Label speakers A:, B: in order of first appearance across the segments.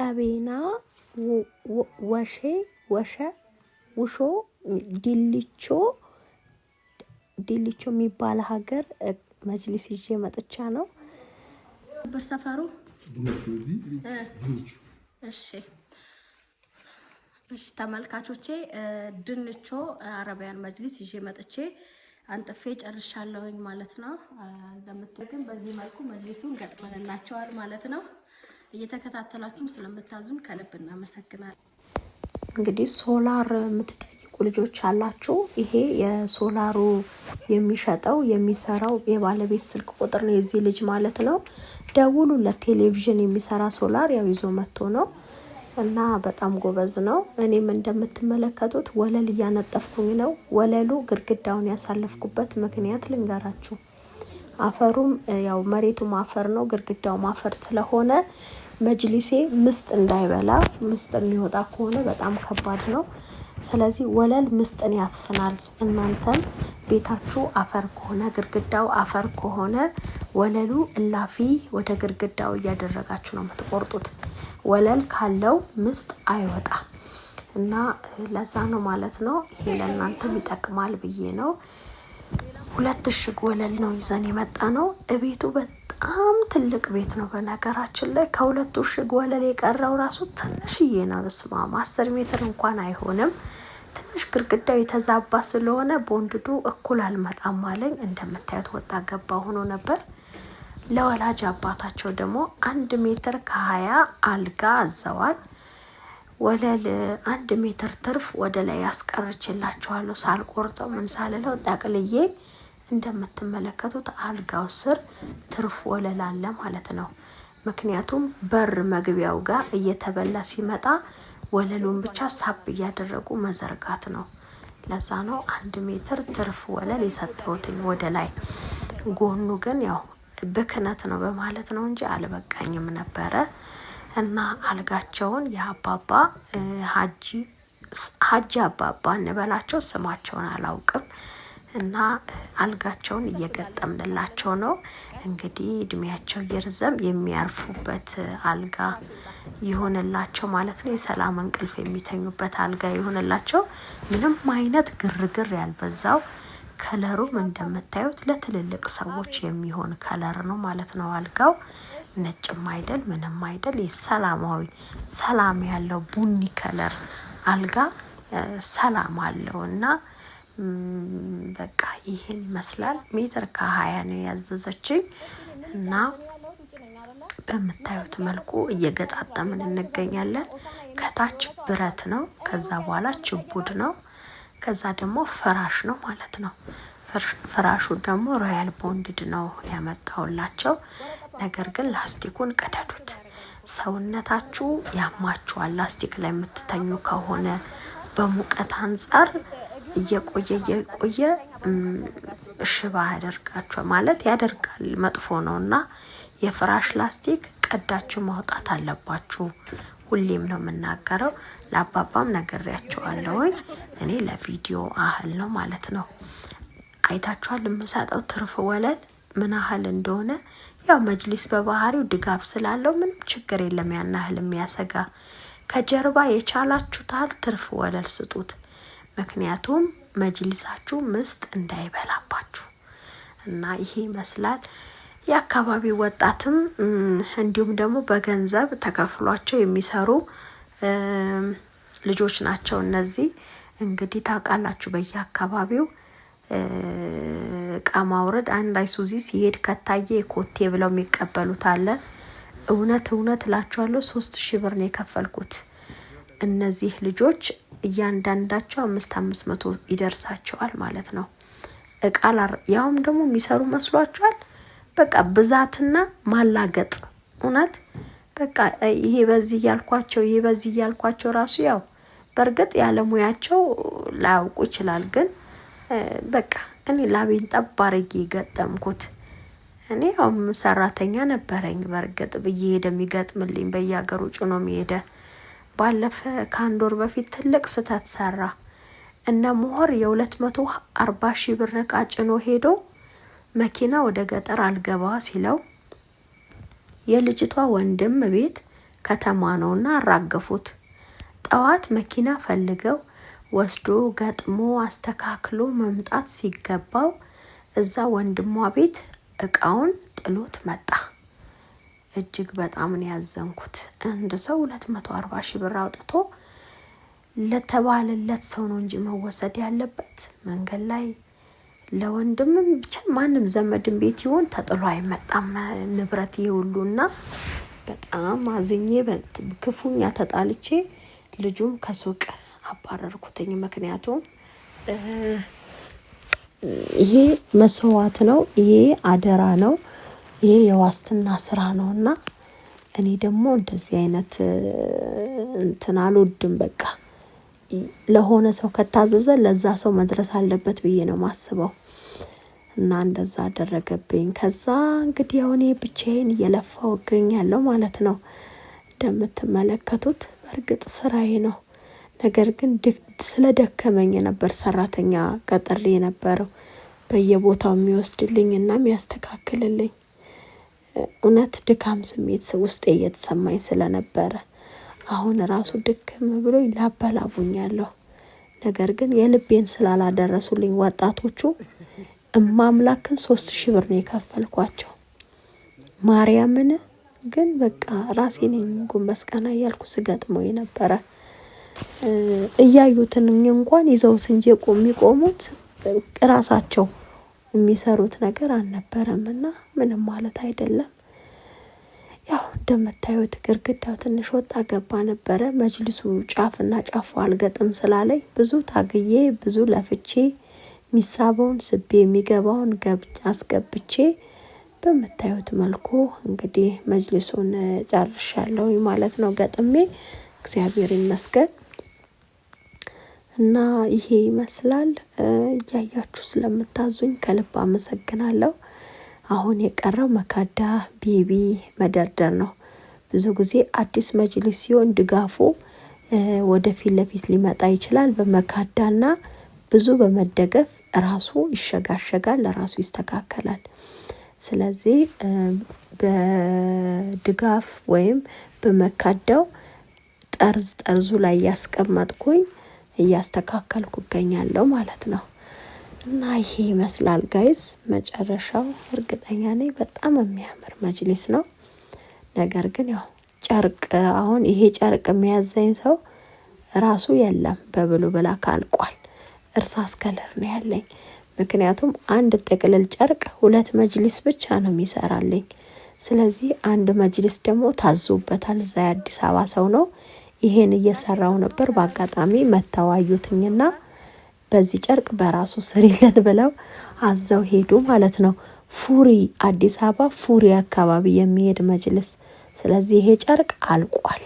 A: ቀቤና ወሼ ወሸ ውሾ ዲልቾ ዲልቾ የሚባል ሀገር መጅሊስ ይዤ መጥቻ ነው ነበር ሰፈሩ እሺ እሺ ተመልካቾቼ ድንቾ አረቢያን መጅሊስ ይዤ መጥቼ አንጥፌ ጨርሻለሁኝ ማለት ነው። እንደምታዩት በዚህ መልኩ መጅሊሱን ገጥመንላቸዋል ማለት ነው። እየተከታተላችሁም ስለምታዝም ከልብ እናመሰግናለን። እንግዲህ ሶላር የምትጠይቁ ልጆች አላችሁ። ይሄ የሶላሩ የሚሸጠው የሚሰራው የባለቤት ስልክ ቁጥር ነው የዚህ ልጅ ማለት ነው። ደውሉ። ለቴሌቪዥን የሚሰራ ሶላር ያው ይዞ መጥቶ ነው እና በጣም ጎበዝ ነው። እኔም እንደምትመለከቱት ወለል እያነጠፍኩኝ ነው። ወለሉ ግድግዳውን ያሳለፍኩበት ምክንያት ልንገራችሁ። አፈሩም ያው መሬቱም አፈር ነው፣ ግድግዳውም አፈር ስለሆነ መጅሊሴ ምስጥ እንዳይበላ። ምስጥ የሚወጣ ከሆነ በጣም ከባድ ነው። ስለዚህ ወለል ምስጥን ያፍናል። እናንተም ቤታችሁ አፈር ከሆነ ግድግዳው አፈር ከሆነ ወለሉ እላፊ ወደ ግድግዳው እያደረጋችሁ ነው የምትቆርጡት። ወለል ካለው ምስጥ አይወጣ እና ለዛ ነው ማለት ነው። ይሄ ለእናንተም ይጠቅማል ብዬ ነው። ሁለት እሽግ ወለል ነው ይዘን የመጣ ነው። እቤቱ በጣም ትልቅ ቤት ነው። በነገራችን ላይ ከሁለቱ እሽግ ወለል የቀረው ራሱ ትንሽዬ ነው። በስማም አስር ሜትር እንኳን አይሆንም። ትንሽ ግድግዳው የተዛባ ስለሆነ በወንድዱ እኩል አልመጣም አለኝ። እንደምታዩት ወጣ ገባ ሆኖ ነበር። ለወላጅ አባታቸው ደግሞ አንድ ሜትር ከሀያ አልጋ አዘዋል። ወለል አንድ ሜትር ትርፍ ወደ ላይ ያስቀርችላቸዋለሁ። ሳልቆርጠው ምን ሳልለው ጠቅልዬ እንደምትመለከቱት አልጋው ስር ትርፍ ወለል አለ ማለት ነው። ምክንያቱም በር መግቢያው ጋር እየተበላ ሲመጣ ወለሉን ብቻ ሳብ እያደረጉ መዘርጋት ነው። ለዛ ነው አንድ ሜትር ትርፍ ወለል የሰጠሁትኝ ወደ ላይ። ጎኑ ግን ያው ብክነት ነው በማለት ነው እንጂ አልበቃኝም ነበረ እና አልጋቸውን የአባባ ሀጂ ሀጂ አባባ እንበላቸው ስማቸውን አላውቅም እና አልጋቸውን እየገጠምንላቸው ነው። እንግዲህ እድሜያቸው እየረዘም የሚያርፉበት አልጋ ይሆንላቸው ማለት ነው። የሰላም እንቅልፍ የሚተኙበት አልጋ ይሆንላቸው። ምንም አይነት ግርግር ያልበዛው ከለሩም እንደምታዩት ለትልልቅ ሰዎች የሚሆን ከለር ነው ማለት ነው። አልጋው ነጭም አይደል ምንም አይደል፣ የሰላማዊ ሰላም ያለው ቡኒ ከለር አልጋ ሰላም አለው እና በቃ ይህን ይመስላል። ሜትር ከሀያ ነው ያዘዘችኝ እና በምታዩት መልኩ እየገጣጠምን እንገኛለን። ከታች ብረት ነው፣ ከዛ በኋላ ችቡድ ነው፣ ከዛ ደግሞ ፍራሽ ነው ማለት ነው። ፍራሹ ደግሞ ሮያል ቦንድድ ነው ያመጣውላቸው። ነገር ግን ላስቲኩን ቀደዱት። ሰውነታችሁ ያማችኋል ላስቲክ ላይ የምትተኙ ከሆነ በሙቀት አንጻር እየቆየ እየቆየ ሽባ ያደርጋቸው ማለት ያደርጋል። መጥፎ ነው እና የፍራሽ ላስቲክ ቀዳችሁ ማውጣት አለባችሁ። ሁሌም ነው የምናገረው። ለአባባም ነግሬያቸዋለሁኝ። እኔ ለቪዲዮ አህል ነው ማለት ነው። አይታችኋል የምሰጠው ትርፍ ወለል ምን ያህል እንደሆነ። ያው መጅሊስ በባህሪው ድጋፍ ስላለው ምንም ችግር የለም። ያን ያህል የሚያሰጋ ከጀርባ የቻላችሁታል ትርፍ ወለል ስጡት። ምክንያቱም መጅሊሳችሁ ምስጥ እንዳይበላባችሁ እና ይሄ ይመስላል። የአካባቢው ወጣትም እንዲሁም ደግሞ በገንዘብ ተከፍሏቸው የሚሰሩ ልጆች ናቸው። እነዚህ እንግዲህ ታውቃላችሁ፣ በየአካባቢው እቃ ማውረድ አንድ አይሱዚ ሲሄድ ከታየ የኮቴ ብለው የሚቀበሉት አለ። እውነት እውነት እላችኋለሁ ሶስት ሺህ ብር ነው የከፈልኩት እነዚህ ልጆች እያንዳንዳቸው አምስት አምስት መቶ ይደርሳቸዋል ማለት ነው። እቃ ያውም ደግሞ የሚሰሩ መስሏቸዋል። በቃ ብዛትና ማላገጥ እውነት በቃ ይሄ በዚህ እያልኳቸው ይሄ በዚህ እያልኳቸው ራሱ ያው በእርግጥ ያለሙያቸው ላያውቁ ይችላል። ግን በቃ እኔ ላቤን ጠብ ገጠምኩት። እኔ ያውም ሰራተኛ ነበረኝ። በእርግጥ ብዬ ሄደ የሚገጥምልኝ በየሀገሩ ጭኖ ሄደ ባለፈ ከአንድ ወር በፊት ትልቅ ስህተት ሰራ። እነ ምሁር የሁለት መቶ አርባ ሺህ ብር ጭኖ ሄዶ መኪና ወደ ገጠር አልገባ ሲለው የልጅቷ ወንድም ቤት ከተማ ነውና አራገፉት። ጠዋት መኪና ፈልገው ወስዶ ገጥሞ አስተካክሎ መምጣት ሲገባው እዛ ወንድሟ ቤት እቃውን ጥሎት መጣ። እጅግ በጣም ነው ያዘንኩት። አንድ ሰው ሁለት መቶ አርባ ሺህ ብር አውጥቶ ለተባለለት ሰው ነው እንጂ መወሰድ ያለበት መንገድ ላይ ለወንድምም ብቻ ማንም ዘመድም ቤት ይሆን ተጥሎ አይመጣም ንብረት ይሁሉ እና በጣም አዝኜ ክፉኛ ተጣልቼ ልጁም ከሱቅ አባረርኩትኝ። ምክንያቱም ይሄ መስዋዕት ነው፣ ይሄ አደራ ነው። ይሄ የዋስትና ስራ ነው እና እኔ ደግሞ እንደዚህ አይነት እንትን አልወድም። በቃ ለሆነ ሰው ከታዘዘ ለዛ ሰው መድረስ አለበት ብዬ ነው ማስበው እና እንደዛ አደረገብኝ። ከዛ እንግዲህ ያው እኔ ብቻዬን እየለፋው እገኛለሁ ማለት ነው። እንደምትመለከቱት በእርግጥ ስራዬ ነው። ነገር ግን ስለደከመኝ ነበር ሰራተኛ ቀጥሬ የነበረው በየቦታው የሚወስድልኝ እና የሚያስተካክልልኝ እውነት ድካም ስሜት ውስጤ እየተሰማኝ ስለነበረ አሁን ራሱ ድክም ብሎ ላበላቡኛለሁ። ነገር ግን የልቤን ስላላደረሱልኝ ወጣቶቹ እማምላክን ሶስት ሺ ብር ነው የከፈልኳቸው። ማርያምን ግን በቃ ራሴን ጎንበስ ቀና እያልኩ ስገጥመው የነበረ እያዩትን እንኳን ይዘውት እንጂ የሚቆሙት ራሳቸው የሚሰሩት ነገር አልነበረም እና ምንም ማለት አይደለም። ያው እንደምታዩት ግርግዳው ትንሽ ወጣ ገባ ነበረ። መጅልሱ ጫፍና ጫፉ አልገጥም ስላለኝ ብዙ ታግዬ ብዙ ለፍቼ የሚሳበውን ስቤ የሚገባውን አስገብቼ በምታዩት መልኩ እንግዲህ መጅልሱን ጨርሻለሁ ማለት ነው ገጥሜ። እግዚአብሔር ይመስገን። እና ይሄ ይመስላል። እያያችሁ ስለምታዙኝ ከልብ አመሰግናለሁ። አሁን የቀረው መካዳ ቤቢ መደርደር ነው። ብዙ ጊዜ አዲስ መጅሊስ ሲሆን ድጋፉ ወደፊት ለፊት ሊመጣ ይችላል። በመካዳና ብዙ በመደገፍ ራሱ ይሸጋሸጋል፣ ለራሱ ይስተካከላል። ስለዚህ በድጋፍ ወይም በመካዳው ጠርዝ ጠርዙ ላይ ያስቀመጥኩኝ እያስተካከልኩ እገኛለሁ ማለት ነው። እና ይሄ ይመስላል ጋይዝ መጨረሻው። እርግጠኛ ነኝ በጣም የሚያምር መጅሊስ ነው። ነገር ግን ያው ጨርቅ አሁን ይሄ ጨርቅ የሚያዘኝ ሰው ራሱ የለም። በብሉ ብላክ አልቋል። እርሳስ ከለር ነው ያለኝ። ምክንያቱም አንድ ጥቅልል ጨርቅ ሁለት መጅሊስ ብቻ ነው የሚሰራልኝ። ስለዚህ አንድ መጅሊስ ደግሞ ታዞበታል። እዛ የአዲስ አበባ ሰው ነው ይሄን እየሰራው ነበር። በአጋጣሚ መተዋዩትኝና በዚህ ጨርቅ በራሱ ስሪልን ብለው አዘው ሄዱ ማለት ነው። ፉሪ አዲስ አበባ ፉሪ አካባቢ የሚሄድ መጅልስ። ስለዚህ ይሄ ጨርቅ አልቋል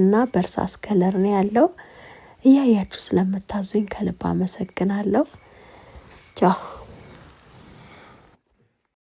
A: እና በእርሳስ ከለር ነው ያለው። እያያችሁ ስለምታዙኝ ከልብ አመሰግናለሁ። ቻው